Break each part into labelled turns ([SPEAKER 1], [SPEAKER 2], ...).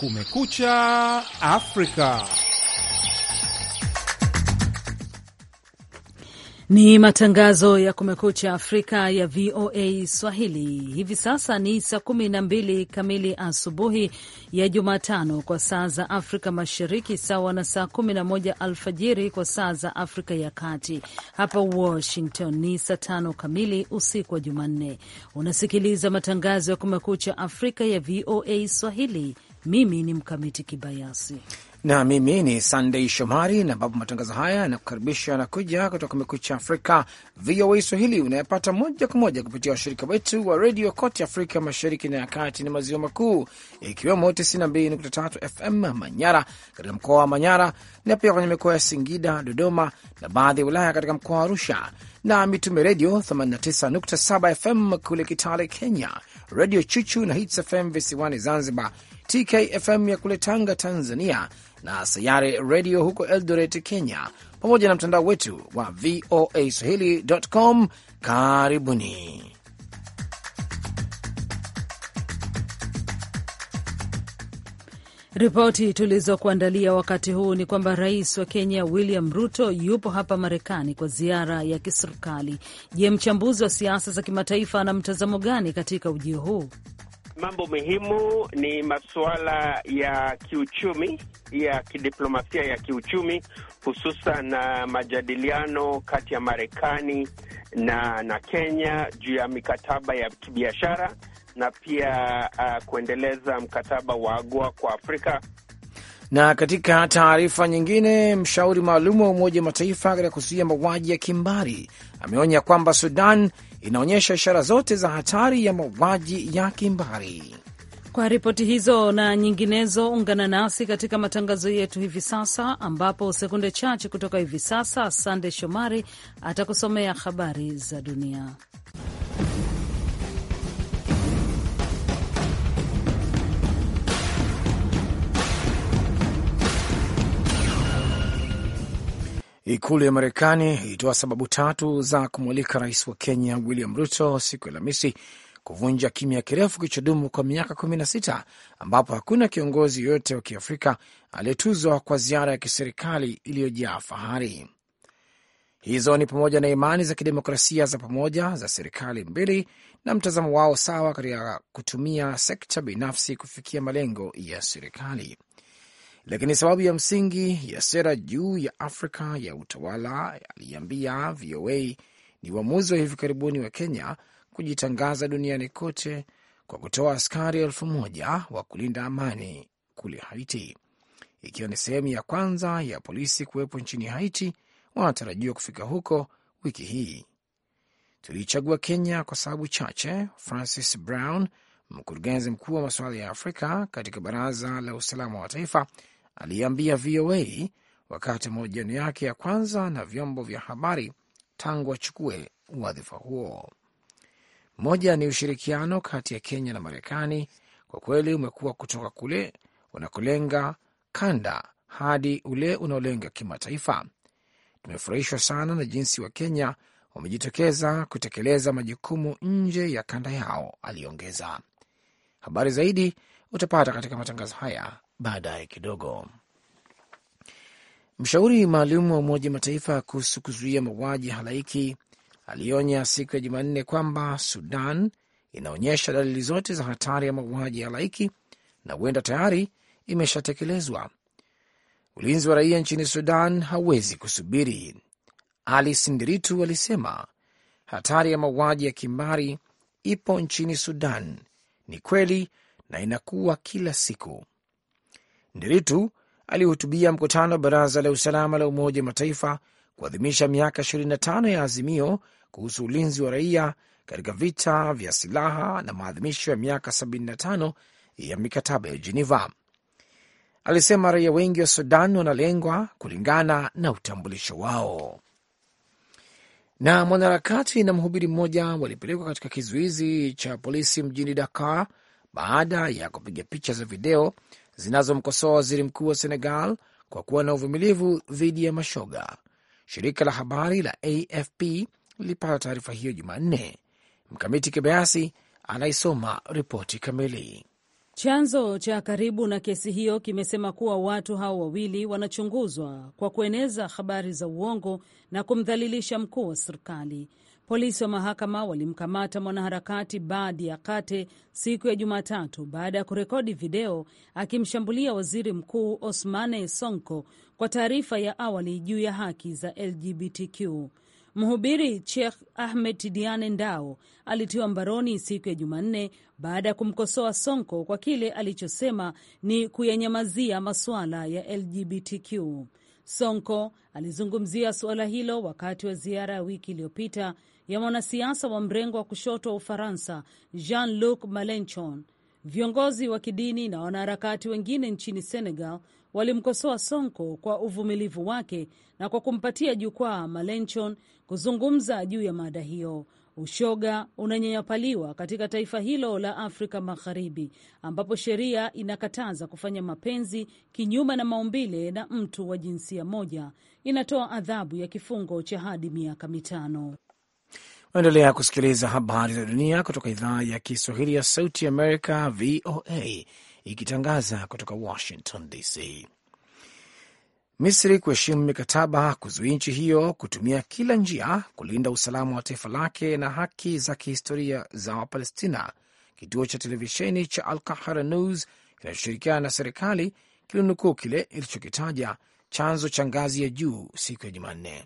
[SPEAKER 1] Kumekucha Afrika. Ni matangazo ya Kumekucha Afrika ya VOA Swahili. Hivi sasa ni saa kumi na mbili kamili asubuhi ya Jumatano kwa saa za Afrika Mashariki, sawa na saa kumi na moja alfajiri kwa saa za Afrika ya Kati. Hapa Washington ni saa tano kamili usiku wa Jumanne. Unasikiliza matangazo ya Kumekucha Afrika ya VOA Swahili. Mimi ni Mkamiti Kibayasi
[SPEAKER 2] na mimi ni sandey Shomari, na ambapo matangazo haya yanakukaribisha yanakuja kutoka kutoka Kumekucha Afrika VOA Swahili unayepata moja kwa moja kupitia washirika wetu wa redio kote Afrika Mashariki na ya Kati na Maziwa Makuu, ikiwemo 92.3 FM Manyara katika mkoa wa Manyara na pia kwenye mikoa ya Singida, Dodoma na baadhi ya wilaya katika mkoa wa Arusha, na Mitume Redio 89.7 FM kule Kitale, Kenya, Redio Chuchu na Hits FM visiwani Zanzibar, TKFM ya kule Tanga, Tanzania, na Sayare Redio huko Eldoret, Kenya, pamoja na mtandao wetu wa VOA Swahili.com. Karibuni.
[SPEAKER 1] Ripoti tulizokuandalia wakati huu ni kwamba rais wa Kenya William Ruto yupo hapa Marekani kwa ziara ya kiserikali. Je, mchambuzi wa siasa za kimataifa ana mtazamo gani katika ujio huu?
[SPEAKER 3] mambo muhimu ni masuala ya kiuchumi, ya kidiplomasia ya kiuchumi, hususan na majadiliano kati ya Marekani na na Kenya juu ya mikataba ya kibiashara na pia uh, kuendeleza mkataba wa AGOA kwa Afrika.
[SPEAKER 2] Na katika taarifa nyingine, mshauri maalum wa Umoja wa Mataifa katika kuzuia mauaji ya kimbari ameonya kwamba Sudan inaonyesha ishara zote za hatari ya mauaji ya kimbari.
[SPEAKER 1] Kwa ripoti hizo na nyinginezo, ungana nasi katika matangazo yetu hivi sasa, ambapo sekunde chache kutoka hivi sasa, Sande Shomari atakusomea habari za dunia.
[SPEAKER 2] Ikulu ya Marekani ilitoa sababu tatu za kumwalika rais wa Kenya William Ruto siku ya Alhamisi kuvunja kimya kirefu kilichodumu kwa miaka kumi na sita ambapo hakuna kiongozi yoyote wa kiafrika aliyetuzwa kwa ziara ya kiserikali iliyojaa fahari. Hizo ni pamoja na imani za kidemokrasia za pamoja za serikali mbili na mtazamo wao sawa katika kutumia sekta binafsi kufikia malengo ya serikali lakini sababu ya msingi ya sera juu ya Afrika ya utawala, aliambia VOA, ni uamuzi wa hivi karibuni wa Kenya kujitangaza duniani kote kwa kutoa askari elfu moja wa kulinda amani kule Haiti, ikiwa ni sehemu ya kwanza ya polisi kuwepo nchini Haiti. Wanatarajiwa kufika huko wiki hii. Tuliichagua Kenya kwa sababu chache, Francis Brown, mkurugenzi mkuu wa masuala ya Afrika katika Baraza la Usalama wa Taifa, aliambia VOA wakati wa mahojiano yake ya kwanza na vyombo vya habari tangu achukue wadhifa huo. Moja ni ushirikiano kati ya Kenya na Marekani kwa kweli umekuwa kutoka kule unakolenga kanda hadi ule unaolenga kimataifa. Tumefurahishwa sana na jinsi wa Kenya wamejitokeza kutekeleza majukumu nje ya kanda yao, aliongeza. Habari zaidi utapata katika matangazo haya baadaye kidogo. Mshauri maalum wa Umoja Mataifa kuhusu kuzuia mauaji halaiki alionya siku ya Jumanne kwamba Sudan inaonyesha dalili zote za hatari ya mauaji halaiki na huenda tayari imeshatekelezwa. Ulinzi wa raia nchini Sudan hauwezi kusubiri, Ali Sindiritu alisema. Hatari ya mauaji ya kimbari ipo nchini Sudan, ni kweli na inakuwa kila siku. Nderitu alihutubia mkutano wa Baraza la Usalama la Umoja wa Mataifa kuadhimisha miaka 25 ya azimio kuhusu ulinzi wa raia katika vita vya silaha na maadhimisho ya miaka 75 ya mikataba ya Jeneva. Alisema raia wengi wa Sudan wanalengwa kulingana na utambulisho wao. Na mwanaharakati na mhubiri mmoja walipelekwa katika kizuizi cha polisi mjini Dakar baada ya kupiga picha za video zinazomkosoa waziri mkuu wa Senegal kwa kuwa na uvumilivu dhidi ya mashoga. Shirika la habari la AFP lilipata taarifa hiyo Jumanne. Mkamiti Kibayasi anaisoma ripoti kamili.
[SPEAKER 1] Chanzo cha karibu na kesi hiyo kimesema kuwa watu hao wawili wanachunguzwa kwa kueneza habari za uongo na kumdhalilisha mkuu wa serikali. Polisi wa mahakama walimkamata mwanaharakati baadhi ya Kate siku ya Jumatatu baada ya kurekodi video akimshambulia waziri mkuu Osmane Sonko kwa taarifa ya awali juu ya haki za LGBTQ. Mhubiri Sheikh Ahmed Diane Ndao alitiwa mbaroni siku ya Jumanne baada ya kumkosoa Sonko kwa kile alichosema ni kuyanyamazia masuala ya LGBTQ. Sonko alizungumzia suala hilo wakati wa ziara ya wiki iliyopita ya mwanasiasa wa mrengo wa kushoto wa Ufaransa Jean-Luc malenchon Viongozi wa kidini na wanaharakati wengine nchini Senegal walimkosoa Sonko kwa uvumilivu wake na kwa kumpatia jukwaa malenchon kuzungumza juu ya mada hiyo. Ushoga unanyanyapaliwa katika taifa hilo la Afrika Magharibi, ambapo sheria inakataza kufanya mapenzi kinyume na maumbile na mtu wa jinsia moja, inatoa adhabu ya kifungo cha hadi miaka mitano.
[SPEAKER 2] Unaendelea kusikiliza habari za dunia kutoka idhaa ya Kiswahili ya Sauti Amerika, VOA, ikitangaza kutoka Washington DC. Misri kuheshimu mikataba kuzuia nchi hiyo kutumia kila njia kulinda usalama wa taifa lake na haki za kihistoria za Wapalestina. Kituo cha televisheni cha Al Kahara News kinachoshirikiana na serikali kilinukuu kile ilichokitaja chanzo cha ngazi ya juu siku ya Jumanne.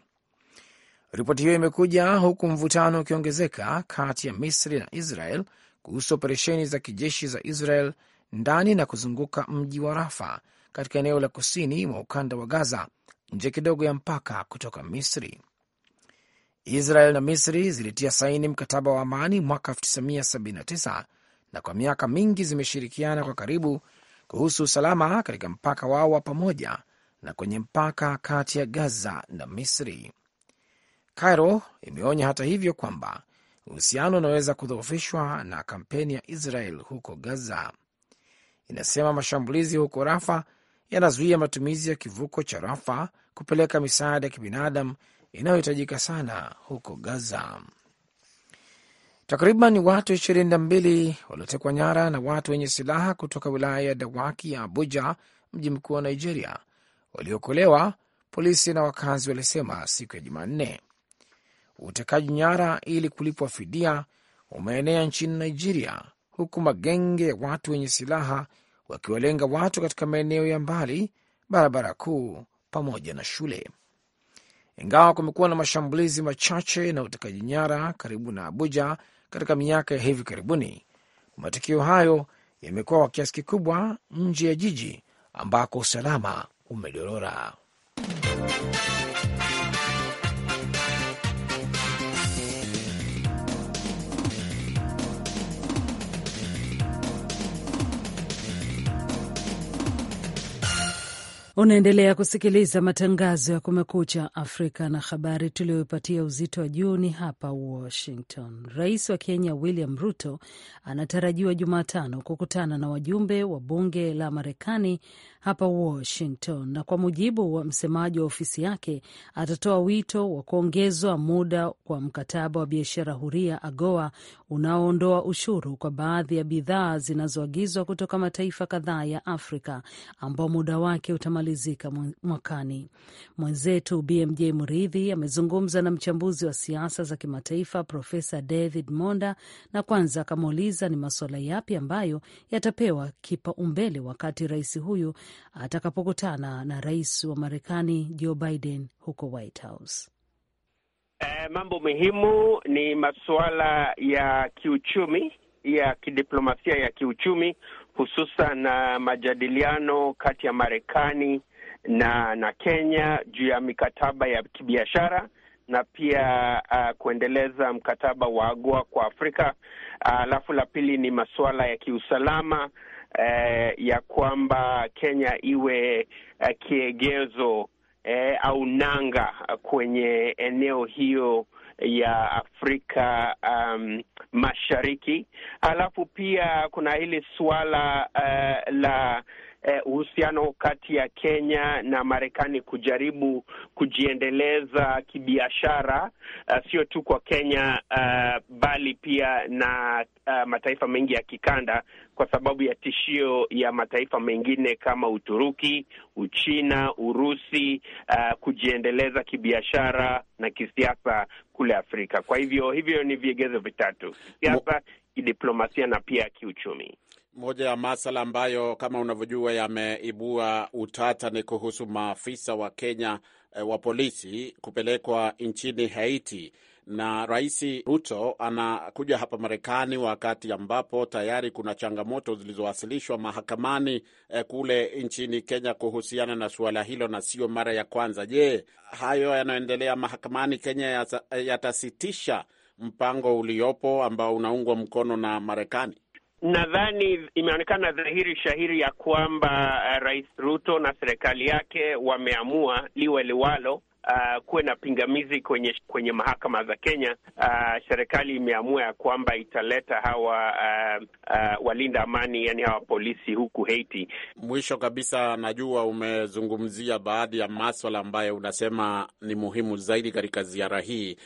[SPEAKER 2] Ripoti hiyo imekuja huku mvutano ukiongezeka kati ya Misri na Israel kuhusu operesheni za kijeshi za Israel ndani na kuzunguka mji wa Rafa katika eneo la kusini mwa ukanda wa Gaza, nje kidogo ya mpaka kutoka Misri. Israel na Misri zilitia saini mkataba wa amani mwaka 1979 na kwa miaka mingi zimeshirikiana kwa karibu kuhusu usalama katika mpaka wao wa pamoja na kwenye mpaka kati ya Gaza na Misri. Cairo imeonya hata hivyo kwamba uhusiano unaweza kudhoofishwa na kampeni ya Israel huko Gaza. Inasema mashambulizi huko Rafa yanazuia matumizi ya kivuko cha Rafa kupeleka misaada ya kibinadamu inayohitajika sana huko Gaza. Takriban watu ishirini na mbili waliotekwa nyara na watu wenye silaha kutoka wilaya ya Dawaki ya Abuja, mji mkuu wa Nigeria, waliokolewa, polisi na wakazi walisema siku ya Jumanne. Utekaji nyara ili kulipwa fidia umeenea nchini Nigeria, huku magenge ya watu wenye silaha wakiwalenga watu katika maeneo ya mbali, barabara kuu pamoja na shule. Ingawa kumekuwa na mashambulizi machache na utekaji nyara karibu na Abuja katika miaka ya hivi karibuni, matukio hayo yamekuwa kwa kiasi kikubwa nje ya jiji ambako usalama umedorora.
[SPEAKER 1] Unaendelea kusikiliza matangazo ya Kumekucha Afrika na habari tuliyoipatia uzito wa juu ni hapa Washington. Rais wa Kenya William Ruto anatarajiwa Jumatano kukutana na wajumbe wa bunge la Marekani hapa Washington, na kwa mujibu wa msemaji wa ofisi yake atatoa wito wa kuongezwa muda kwa mkataba wa biashara huria AGOA unaoondoa ushuru kwa baadhi ya bidhaa zinazoagizwa kutoka mataifa kadhaa ya Afrika ambao muda wake utamalizika mwakani. Mwenzetu BMJ Muridhi amezungumza na mchambuzi wa siasa za kimataifa Profesa David Monda, na kwanza akamuuliza ni masuala yapi ambayo yatapewa kipaumbele wakati rais huyu atakapokutana na rais wa Marekani Joe Biden huko White House.
[SPEAKER 3] E, mambo muhimu ni masuala ya kiuchumi ya kidiplomasia ya kiuchumi hususan na majadiliano kati ya Marekani na na Kenya juu ya mikataba ya kibiashara na pia uh, kuendeleza mkataba wa AGOA kwa Afrika. Alafu uh, la pili ni masuala ya kiusalama uh, ya kwamba Kenya iwe uh, kiegezo eh, au nanga kwenye eneo hiyo ya Afrika um, Mashariki. Halafu pia kuna hili suala uh, eh, la Eh, uhusiano eh, kati ya Kenya na Marekani kujaribu kujiendeleza kibiashara, uh, sio tu kwa Kenya uh, bali pia na uh, mataifa mengi ya kikanda, kwa sababu ya tishio ya mataifa mengine kama Uturuki, Uchina, Urusi uh, kujiendeleza kibiashara na kisiasa kule Afrika. Kwa hivyo hivyo ni vigezo vitatu: siasa, kidiplomasia na pia kiuchumi.
[SPEAKER 4] Moja ya masala ambayo kama unavyojua yameibua utata ni kuhusu maafisa wa Kenya e, wa polisi kupelekwa nchini Haiti na Rais Ruto anakuja hapa Marekani wakati ambapo tayari kuna changamoto zilizowasilishwa mahakamani eh, kule nchini Kenya kuhusiana na suala hilo, na sio mara ya kwanza. Je, hayo yanayoendelea mahakamani Kenya yatasitisha mpango uliopo ambao unaungwa mkono na Marekani?
[SPEAKER 3] Nadhani imeonekana dhahiri shahiri ya kwamba uh, Rais Ruto na serikali yake wameamua liwe liwalo Uh, kuwe na pingamizi kwenye kwenye mahakama za Kenya. Uh, serikali imeamua ya kwamba italeta hawa uh, uh, walinda amani, yani hawa polisi
[SPEAKER 4] huku Haiti. Mwisho kabisa, najua umezungumzia baadhi ya maswala ambayo unasema ni muhimu zaidi katika ziara hii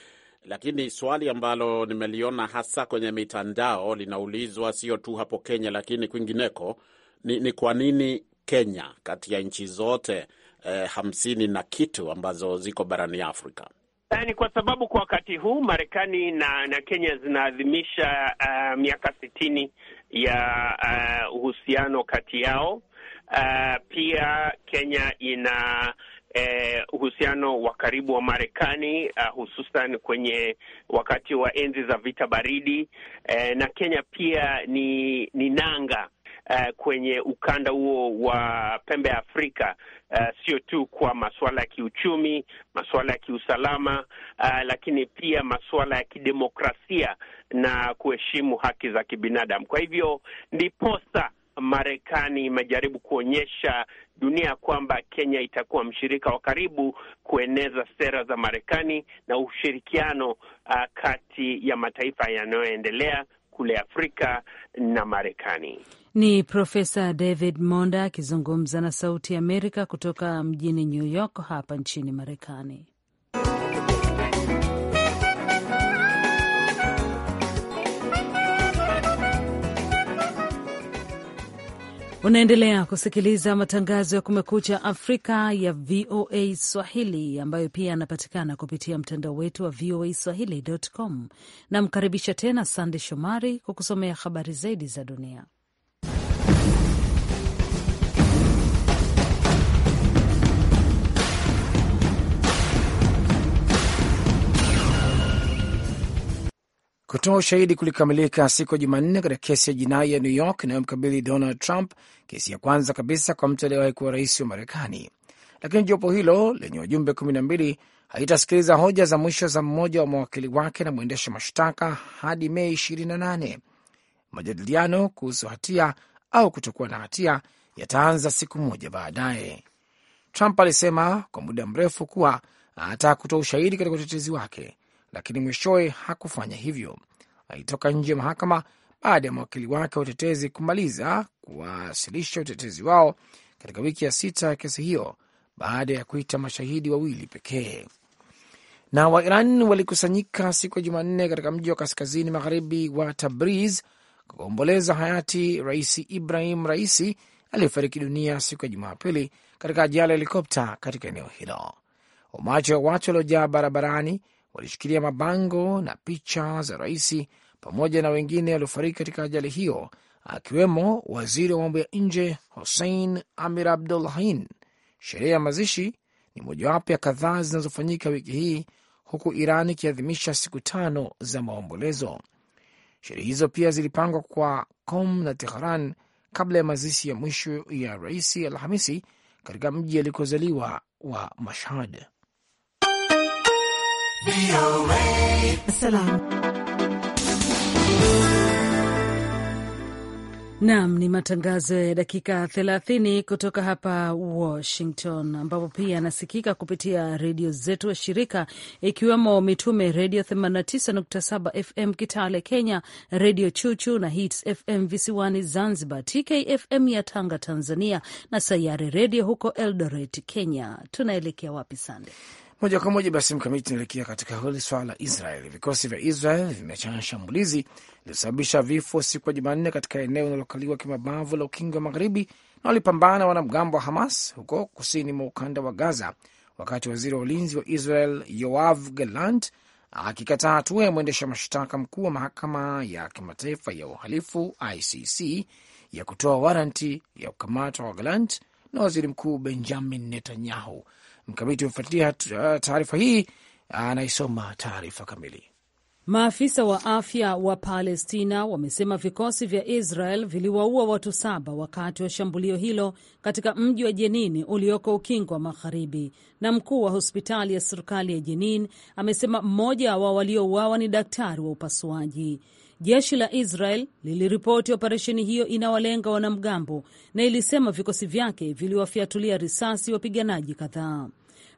[SPEAKER 4] lakini swali ambalo nimeliona hasa kwenye mitandao linaulizwa sio tu hapo Kenya, lakini kwingineko ni, ni kwa nini Kenya kati ya nchi zote eh, hamsini na kitu ambazo ziko barani Afrika?
[SPEAKER 3] Eh, ni kwa sababu kwa wakati huu Marekani na, na Kenya zinaadhimisha uh, miaka sitini ya eh, uhusiano kati yao. Uh, pia Kenya ina eh, uhusiano wa karibu wa Marekani uh, hususan kwenye wakati wa enzi za vita baridi eh, na Kenya pia ni, ni nanga Uh, kwenye ukanda huo wa pembe ya Afrika eh, sio tu kwa masuala ya kiuchumi, masuala ya kiusalama uh, lakini pia masuala ya kidemokrasia na kuheshimu haki za kibinadamu. Kwa hivyo ndiposa Marekani imejaribu kuonyesha dunia kwamba Kenya itakuwa mshirika wa karibu kueneza sera za Marekani na ushirikiano uh, kati ya mataifa yanayoendelea kule Afrika na Marekani.
[SPEAKER 1] Ni Profesa David Monda akizungumza na Sauti ya Amerika kutoka mjini New York hapa nchini Marekani. Unaendelea kusikiliza matangazo ya Kumekucha Afrika ya VOA Swahili ambayo pia yanapatikana kupitia mtandao wetu wa VOA Swahili.com. Namkaribisha tena Sande Shomari kwa kusomea habari zaidi za dunia.
[SPEAKER 2] Kutoa ushahidi kulikamilika siku ya Jumanne katika kesi ya jinai ya New York inayomkabili Donald Trump, kesi ya kwanza kabisa kwa mtu aliyewahi kuwa rais wa Marekani. Lakini jopo hilo lenye wajumbe kumi na mbili haitasikiliza hoja za mwisho za mmoja wa mawakili wake na mwendesha mashtaka hadi Mei 28. Majadiliano kuhusu hatia au kutokuwa na hatia yataanza siku moja baadaye. Trump alisema kwa muda mrefu kuwa anataka kutoa ushahidi katika utetezi wake lakini mwishowe hakufanya hivyo. Alitoka nje ya mahakama baada ya mawakili wake wa utetezi kumaliza kuwasilisha utetezi wao katika wiki ya sita ya kesi hiyo baada ya kuita mashahidi wawili pekee. Na Wairan walikusanyika siku ya Jumanne katika mji wa kaskazini magharibi wa Tabriz kuomboleza hayati Rais Ibrahim Raisi aliyefariki dunia siku ya Jumapili katika ajali ya helikopta katika eneo hilo. Umati wa watu waliojaa barabarani walishikilia mabango na picha za rais pamoja na wengine waliofariki katika ajali hiyo, akiwemo waziri wa mambo ya nje Hussein Amir Abdullahian. Sherehe ya mazishi ni mojawapo ya kadhaa zinazofanyika wiki hii huku Iran ikiadhimisha siku tano za maombolezo. Sherehe hizo pia zilipangwa kwa Kom na Tehran kabla ya mazishi ya mwisho ya rais Alhamisi katika mji alikozaliwa wa Mashhad.
[SPEAKER 1] Naam, ni matangazo ya dakika 30 kutoka hapa Washington, ambapo pia yanasikika kupitia redio zetu wa shirika ikiwemo Mitume Redio 89.7 FM Kitale Kenya, Redio Chuchu na Hits FM visiwani Zanzibar, TKFM ya Tanga Tanzania, na Sayare Redio huko Eldoret Kenya. Tunaelekea wapi, Sande?
[SPEAKER 2] Moja kwa moja basi mkamiti inaelekea katika hili swala la Israel. Vikosi vya Israel vimechana shambulizi lililosababisha vifo siku ya Jumanne katika eneo linalokaliwa kimabavu la Ukingo wa Magharibi, na walipambana wanamgambo wa Hamas huko kusini mwa ukanda wa Gaza, wakati waziri wa ulinzi wa Israel Yoav Galant akikataa hatua ya mwendesha mashtaka mkuu wa mahakama ya kimataifa ya uhalifu ICC ya kutoa waranti ya kukamatwa wa Galant na waziri mkuu Benjamin Netanyahu Mkamiti umefuatilia uh, taarifa hii, anaisoma taarifa kamili.
[SPEAKER 1] Maafisa wa afya wa Palestina wamesema vikosi vya Israel viliwaua watu saba wakati wa shambulio hilo katika mji wa Jenini ulioko ukingo wa Magharibi, na mkuu wa hospitali ya serikali ya Jenin amesema mmoja wa waliouawa ni daktari wa upasuaji. Jeshi la Israel liliripoti operesheni hiyo inawalenga wanamgambo na ilisema vikosi vyake viliwafyatulia risasi wapiganaji kadhaa.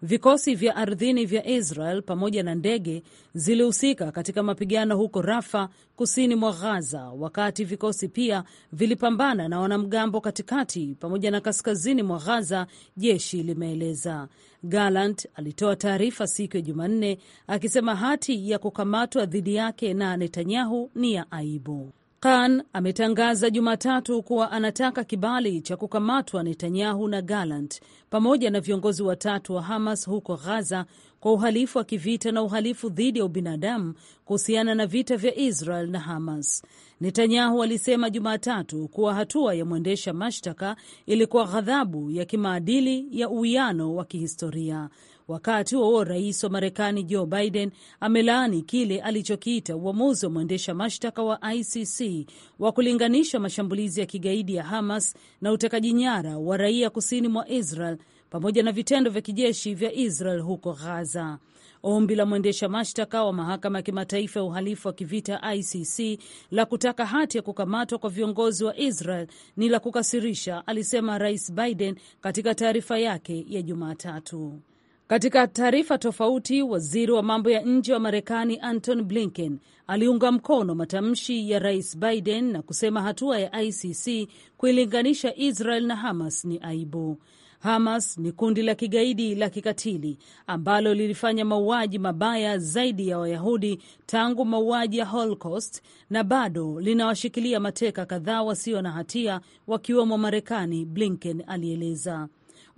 [SPEAKER 1] Vikosi vya ardhini vya Israel pamoja na ndege zilihusika katika mapigano huko Rafa, kusini mwa ghaza wakati vikosi pia vilipambana na wanamgambo katikati pamoja na kaskazini mwa ghaza jeshi limeeleza. Gallant alitoa taarifa siku ya Jumanne akisema hati ya kukamatwa dhidi yake na Netanyahu ni ya aibu. Khan ametangaza Jumatatu kuwa anataka kibali cha kukamatwa Netanyahu na Gallant pamoja na viongozi watatu wa Hamas huko Gaza kwa uhalifu wa kivita na uhalifu dhidi ya ubinadamu kuhusiana na vita vya Israel na Hamas. Netanyahu alisema Jumatatu kuwa hatua ya mwendesha mashtaka ilikuwa ghadhabu ya kimaadili ya uwiano wa kihistoria. Wakati huo huo, rais wa Marekani Joe Biden amelaani kile alichokiita uamuzi wa mwendesha mashtaka wa ICC wa kulinganisha mashambulizi ya kigaidi ya Hamas na utekaji nyara wa raia kusini mwa Israel pamoja na vitendo vya kijeshi vya Israel huko Gaza. Ombi la mwendesha mashtaka wa mahakama ya kimataifa ya uhalifu wa kivita ICC la kutaka hati ya kukamatwa kwa viongozi wa Israel ni la kukasirisha, alisema Rais Biden katika taarifa yake ya Jumatatu. Katika taarifa tofauti, waziri wa mambo ya nje wa Marekani Anton Blinken aliunga mkono matamshi ya Rais Biden na kusema hatua ya ICC kuilinganisha Israel na Hamas ni aibu. Hamas ni kundi la kigaidi la kikatili ambalo lilifanya mauaji mabaya zaidi ya Wayahudi tangu mauaji ya Holocaust na bado linawashikilia mateka kadhaa wasio na hatia wakiwemo Marekani, Blinken alieleza.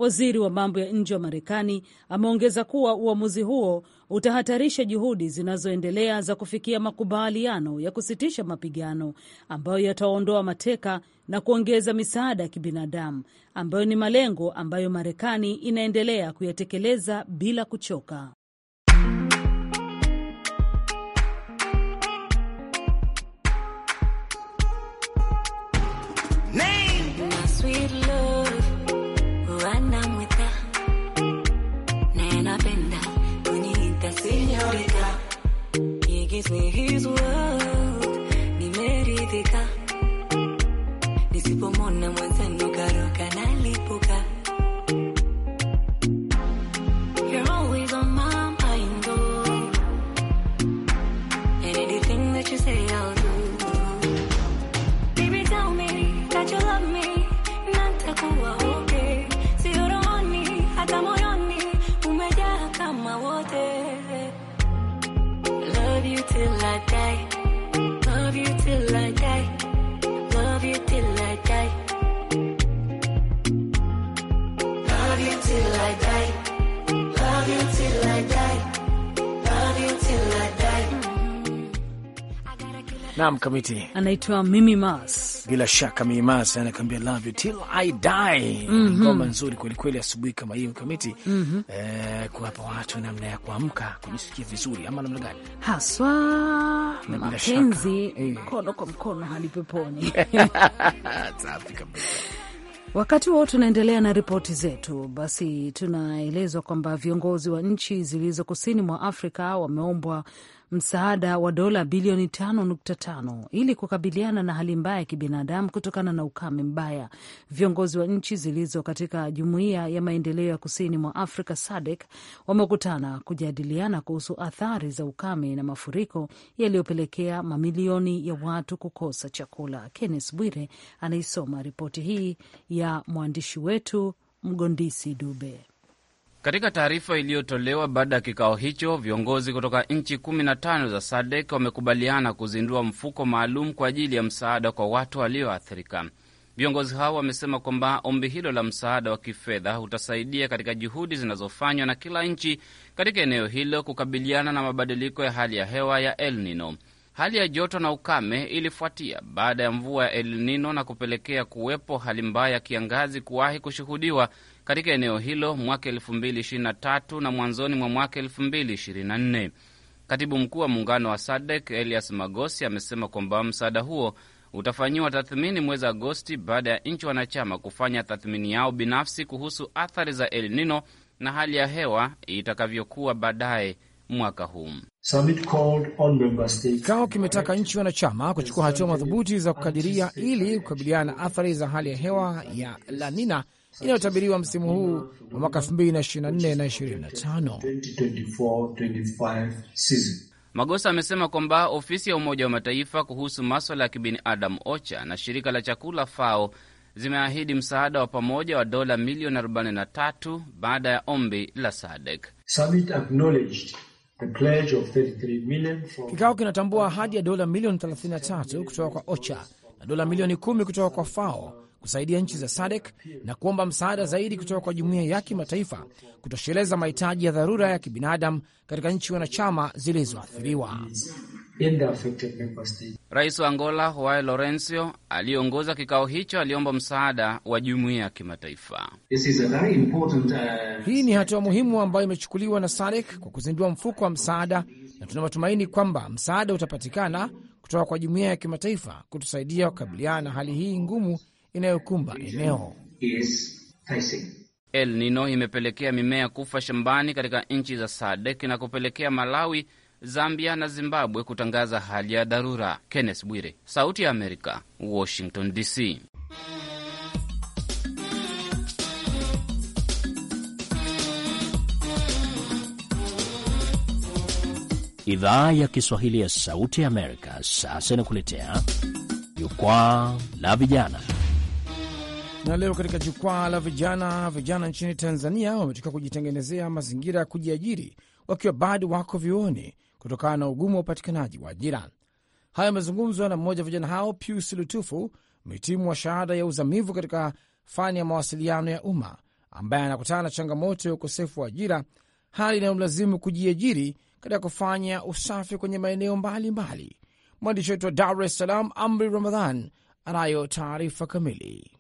[SPEAKER 1] Waziri wa mambo ya nje wa Marekani ameongeza kuwa uamuzi huo utahatarisha juhudi zinazoendelea za kufikia makubaliano ya kusitisha mapigano ambayo yataondoa mateka na kuongeza misaada ya kibinadamu ambayo ni malengo ambayo Marekani inaendelea kuyatekeleza bila kuchoka. Afrika. He gives me his word, nimeridhika nisipomona
[SPEAKER 2] Naam, Kamiti
[SPEAKER 1] anaitwa Mimi Mas,
[SPEAKER 2] bila shaka Mimi Mas anakuambia love you till I die. mm -hmm. Ngoma nzuri kwelikweli, asubuhi kama hiyo Kamiti. mm -hmm. Eh, kuwapa watu namna ya kuamka kujisikia vizuri, ama namna gani haswa mapenzi,
[SPEAKER 1] eh. mkono kwa mkono hadi peponi. Safi kabisa. Wakati huo tunaendelea na ripoti zetu, basi tunaelezwa kwamba viongozi wa nchi zilizo kusini mwa Afrika wameombwa msaada wa dola bilioni 5.5 ili kukabiliana na hali mbaya ya kibinadamu kutokana na ukame mbaya. Viongozi wa nchi zilizo katika jumuiya ya maendeleo ya kusini mwa Afrika SADC wamekutana kujadiliana kuhusu athari za ukame na mafuriko yaliyopelekea mamilioni ya watu kukosa chakula. Kenneth Bwire anaisoma ripoti hii ya mwandishi wetu Mgondisi Dube.
[SPEAKER 5] Katika taarifa iliyotolewa baada ya kikao hicho, viongozi kutoka nchi 15 za sadek wamekubaliana kuzindua mfuko maalum kwa ajili ya msaada kwa watu walioathirika. Viongozi hao wamesema kwamba ombi hilo la msaada wa kifedha utasaidia katika juhudi zinazofanywa na kila nchi katika eneo hilo kukabiliana na mabadiliko ya hali ya hewa ya El Nino. Hali ya joto na ukame ilifuatia baada ya mvua ya El Nino na kupelekea kuwepo hali mbaya ya kiangazi kuwahi kushuhudiwa katika eneo hilo mwaka 2023 na mwanzoni mwa mwaka 2024. Katibu mkuu wa muungano wa SADC Elias Magosi amesema kwamba msaada huo utafanyiwa tathmini mwezi Agosti baada ya nchi wanachama kufanya tathmini yao binafsi kuhusu athari za El Nino na hali ya hewa itakavyokuwa baadaye mwaka huu.
[SPEAKER 2] Kikao kimetaka nchi wanachama kuchukua hatua madhubuti za kukadiria ili kukabiliana na athari za hali ya hewa ya La Nina inayotabiriwa msimu huu wa mwaka 2024 na
[SPEAKER 6] 2025.
[SPEAKER 5] Magosa amesema kwamba ofisi ya Umoja wa Mataifa kuhusu maswala ya kibinadamu OCHA na shirika la chakula FAO zimeahidi msaada wa pamoja wa dola milioni 43 baada ya ombi la SADC.
[SPEAKER 2] Kikao kinatambua ahadi ya dola milioni 33 kutoka kwa OCHA na dola milioni 10 kutoka kwa FAO kusaidia nchi za SADC na kuomba msaada zaidi kutoka kwa jumuiya ya kimataifa kutosheleza mahitaji ya dharura ya kibinadamu katika nchi wanachama zilizoathiriwa.
[SPEAKER 5] Rais wa Angola Joao Lorencio aliyeongoza kikao hicho aliomba msaada wa jumuiya ya kimataifa.
[SPEAKER 2] Uh... hii ni hatua muhimu ambayo imechukuliwa na SADC kwa kuzindua mfuko wa msaada, na tuna matumaini kwamba msaada utapatikana kutoka kwa jumuiya ya kimataifa kutusaidia kukabiliana na hali hii ngumu inayokumba eneo.
[SPEAKER 5] El Nino imepelekea mimea kufa shambani katika nchi za SADEK na kupelekea Malawi, Zambia na Zimbabwe kutangaza hali ya dharura. Kenneth Bwire, Sauti ya Amerika, Washington DC.
[SPEAKER 6] Idhaa ya Kiswahili ya Sauti ya Amerika sasa inakuletea Jukwaa la Vijana.
[SPEAKER 2] Na leo katika jukwaa la vijana, vijana nchini Tanzania wametoka kujitengenezea mazingira ya kujiajiri wakiwa bado wako vyuoni kutokana na ugumu wa upatikanaji wa ajira. Hayo yamezungumzwa na mmoja wa vijana hao, Pius Lutufu, mhitimu wa shahada ya uzamivu katika fani ya mawasiliano ya umma, ambaye anakutana na changamoto ya ukosefu wa ajira, hali inayomlazimu kujiajiri katika kufanya usafi kwenye maeneo mbalimbali. Mwandishi wetu wa Dar es Salaam, Amri Ramadhan, anayo taarifa kamili.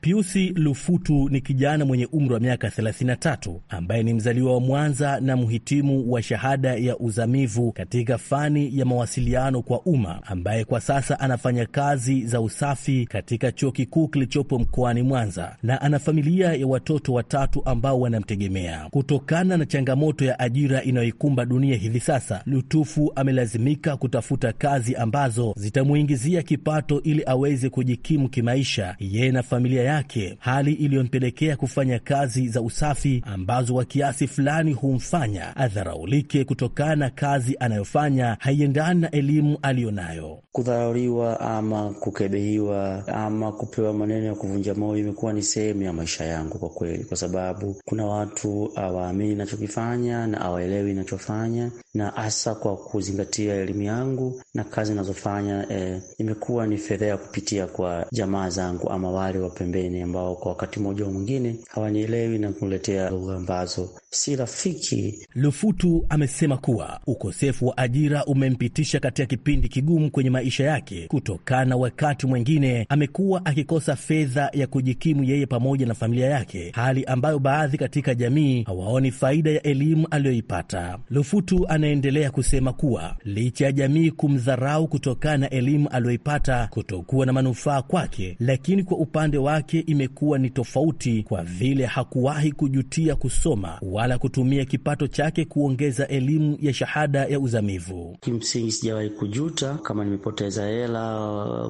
[SPEAKER 6] Piusi Lufutu ni kijana mwenye umri wa miaka 33 ambaye ni mzaliwa wa Mwanza na mhitimu wa shahada ya uzamivu katika fani ya mawasiliano kwa umma ambaye kwa sasa anafanya kazi za usafi katika chuo kikuu kilichopo mkoani Mwanza na ana familia ya watoto watatu ambao wanamtegemea. Kutokana na changamoto ya ajira inayoikumba dunia hivi sasa, Lutufu amelazimika kutafuta kazi ambazo zitamuingizia kipato ili aweze kujikimu kimaisha yeye na familia yake, hali iliyompelekea kufanya kazi za usafi ambazo kwa kiasi fulani humfanya adharaulike kutokana na kazi anayofanya haiendani na elimu aliyonayo
[SPEAKER 7] kudharauliwa ama kukebehiwa ama kupewa maneno ya kuvunja moyo imekuwa ni sehemu ya maisha yangu kwa kweli, kwa sababu kuna watu hawaamini inachokifanya na hawaelewi inachofanya na hasa kwa kuzingatia elimu yangu na kazi inazofanya eh, imekuwa ni fedheha kupitia kwa jamaa zangu ama wale wa pembeni ambao kwa wakati mmoja mwingine hawanielewi na kuletea lugha ambazo si rafiki.
[SPEAKER 6] Lufutu amesema kuwa ukosefu wa ajira umempitisha katika kipindi kigumu kwenye maisha yake kutokana, wakati mwingine amekuwa akikosa fedha ya kujikimu yeye pamoja na familia yake, hali ambayo baadhi katika jamii hawaoni faida ya elimu aliyoipata. Lufutu anaendelea kusema kuwa licha ya jamii kumdharau kutokana na elimu aliyoipata kutokuwa na manufaa kwake, lakini kwa upande wake imekuwa ni tofauti, kwa vile hakuwahi kujutia kusoma wala kutumia kipato chake kuongeza elimu ya shahada ya uzamivu.
[SPEAKER 7] Kimsingi sijawahi kujuta kama nimepoteza hela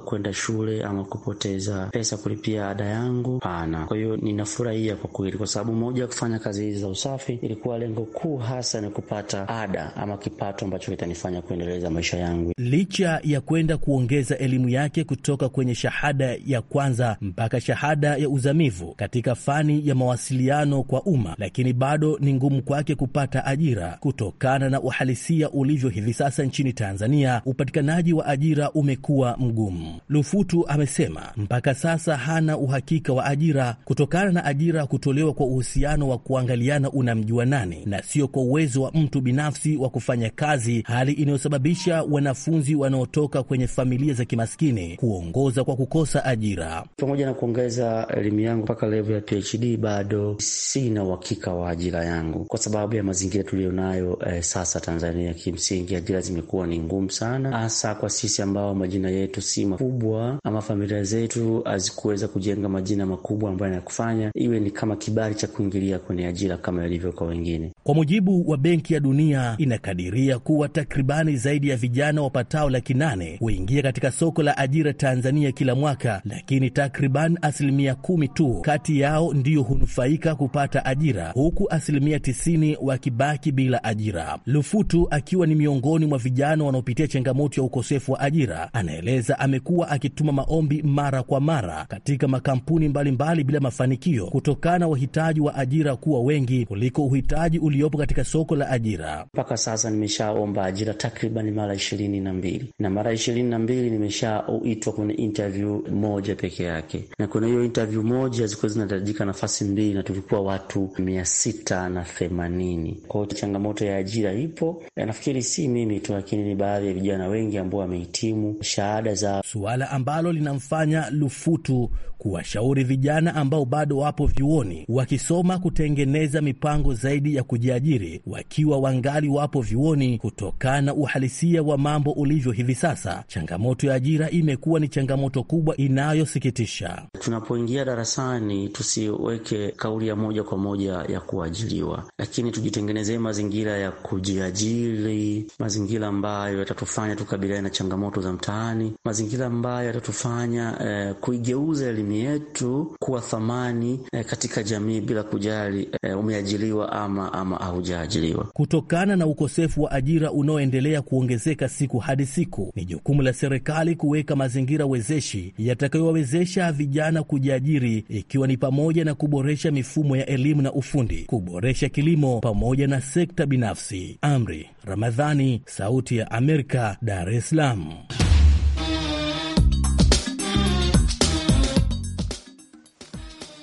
[SPEAKER 7] kwenda shule ama kupoteza pesa kulipia ada yangu, pana. Kwa hiyo ninafurahia kwa kweli, kwa sababu moja ya kufanya kazi hizi za usafi ilikuwa lengo kuu hasa ni kupata ada ama kipato ambacho kitanifanya kuendeleza maisha yangu.
[SPEAKER 6] Licha ya kwenda kuongeza elimu yake kutoka kwenye shahada ya kwanza mpaka shahada ya uzamivu katika fani ya mawasiliano kwa umma, lakini bado ni ngumu kwake kupata ajira kutokana na uhalisia ulivyo hivi sasa nchini Tanzania. Upatikanaji wa ajira umekuwa mgumu. Lufutu amesema mpaka sasa hana uhakika wa ajira kutokana na ajira kutolewa kwa uhusiano wa kuangaliana unamjua nani, na sio kwa uwezo wa mtu binafsi wa kufanya kazi, hali inayosababisha wanafunzi wanaotoka kwenye familia za kimaskini kuongoza kwa kukosa ajira.
[SPEAKER 7] Pamoja na kuongeza elimu yangu mpaka level ya PhD, bado sina uhakika wa ajira yangu kwa sababu ya mazingira tuliyonayo eh, sasa Tanzania. Kimsingi ajira zimekuwa ni ngumu sana, hasa kwa sisi ambao majina yetu si makubwa ama familia zetu hazikuweza kujenga majina makubwa ambayo yanakufanya iwe ni kama kibali cha kuingilia kwenye ajira kama ilivyo kwa wengine.
[SPEAKER 6] Kwa mujibu wa Benki ya Dunia, inakadiria kuwa takribani zaidi ya vijana wapatao laki nane huingia katika soko la ajira Tanzania kila mwaka, lakini takriban asilimia kumi tu kati yao ndiyo hunufaika kupata ajira huku asilimia asilimia 90 wakibaki bila ajira. Lufutu akiwa ni miongoni mwa vijana wanaopitia changamoto ya ukosefu wa ajira, anaeleza amekuwa akituma maombi mara kwa mara katika makampuni mbalimbali mbali bila mafanikio, kutokana na wahitaji wa ajira kuwa wengi kuliko uhitaji uliopo katika soko la ajira.
[SPEAKER 7] Mpaka sasa nimeshaomba ajira takriban mara ishirini na mbili na mara ishirini na mbili nimeshaitwa kwenye interview moja peke yake, na kwenye hiyo interview moja zilikuwa zinahitajika nafasi mbili na tulikuwa watu mia sita na themanini. Kwa hiyo changamoto ya ajira ipo, nafikiri si mimi tu, lakini ni baadhi ya vijana wengi ambao wamehitimu shahada za
[SPEAKER 6] suala ambalo linamfanya Lufutu kuwashauri vijana ambao bado wapo vyuoni wakisoma kutengeneza mipango zaidi ya kujiajiri wakiwa wangali wapo vyuoni, kutokana uhalisia wa mambo ulivyo hivi sasa. Changamoto ya ajira imekuwa ni changamoto kubwa inayosikitisha.
[SPEAKER 7] Tunapoingia darasani, tusiweke kauli ya moja kwa moja ya kuajiriwa, lakini tujitengenezee mazingira ya kujiajiri, mazingira ambayo yatatufanya tukabiliane na changamoto za mtaani, mazingira ambayo yatatufanya eh, kuigeuza elimu jamii yetu kuwa thamani eh, katika jamii bila kujali eh, umeajiriwa ama ama haujaajiriwa.
[SPEAKER 6] Kutokana na ukosefu wa ajira unaoendelea kuongezeka siku hadi siku, ni jukumu la serikali kuweka mazingira wezeshi yatakayowawezesha vijana kujiajiri, ikiwa ni pamoja na kuboresha mifumo ya elimu na ufundi, kuboresha kilimo pamoja na sekta binafsi. Amri Ramadhani, Sauti ya Amerika, Dar es Salaam.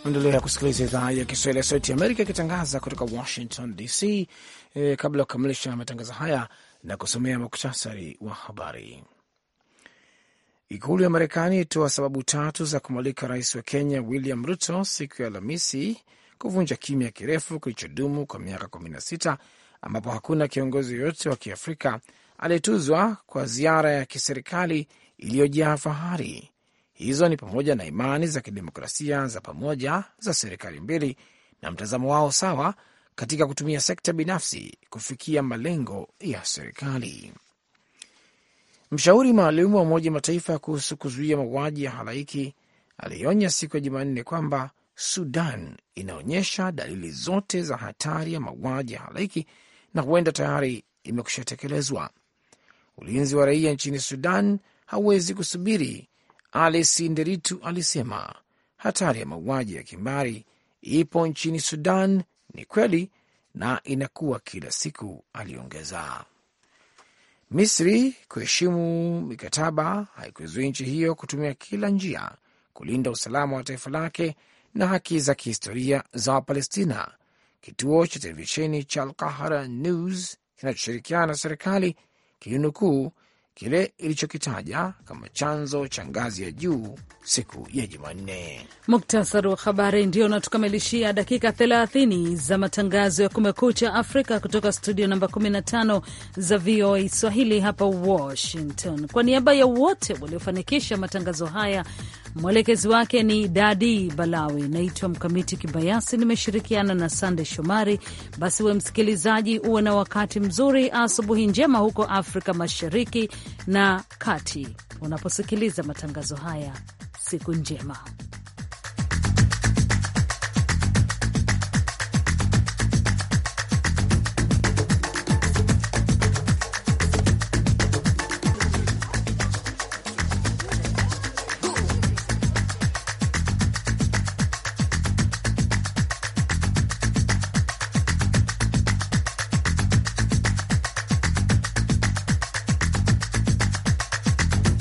[SPEAKER 2] Endelea kusikiliza idhaa ya Kiswahili ya Sauti Amerika ikitangaza kutoka Washington DC. E, kabla ya kukamilisha matangazo haya na kusomea muktasari wa habari, ikulu ya Marekani itoa sababu tatu za kumwalika rais wa Kenya William Ruto siku ya Alhamisi kuvunja kimya kirefu kilichodumu kwa miaka 16 ambapo hakuna kiongozi yoyote wa Kiafrika aliyetuzwa kwa ziara ya kiserikali iliyojaa fahari Hizo ni pamoja na imani za kidemokrasia za pamoja za serikali mbili na mtazamo wao sawa katika kutumia sekta binafsi kufikia malengo ya serikali. Mshauri maalum wa Umoja Mataifa kuhusu kuzuia mauaji ya halaiki alionya siku ya Jumanne kwamba Sudan inaonyesha dalili zote za hatari ya mauaji ya halaiki na huenda tayari imekushatekelezwa. Ulinzi wa raia nchini Sudan hauwezi kusubiri Alesi Nderitu alisema hatari ya mauaji ya kimbari ipo nchini Sudan ni kweli na inakuwa kila siku, aliongeza. Misri kuheshimu mikataba haikuzui nchi hiyo kutumia kila njia kulinda usalama wa taifa lake na haki za kihistoria za Wapalestina. Kituo cha televisheni cha Alqahara News kinachoshirikiana na serikali kilinukuu kile ilichokitaja kama chanzo cha ngazi ya juu siku ya Jumanne.
[SPEAKER 1] Muktasari wa habari ndio unatukamilishia dakika 30 za matangazo ya Kumekucha Afrika kutoka studio namba 15 za VOA Swahili hapa Washington. Kwa niaba ya wote waliofanikisha matangazo haya Mwelekezi wake ni Dadi Balawi. Naitwa Mkamiti Kibayasi, nimeshirikiana na Sande Shomari. Basi we msikilizaji, uwe na wakati mzuri, asubuhi njema huko Afrika Mashariki na Kati unaposikiliza matangazo haya. Siku njema.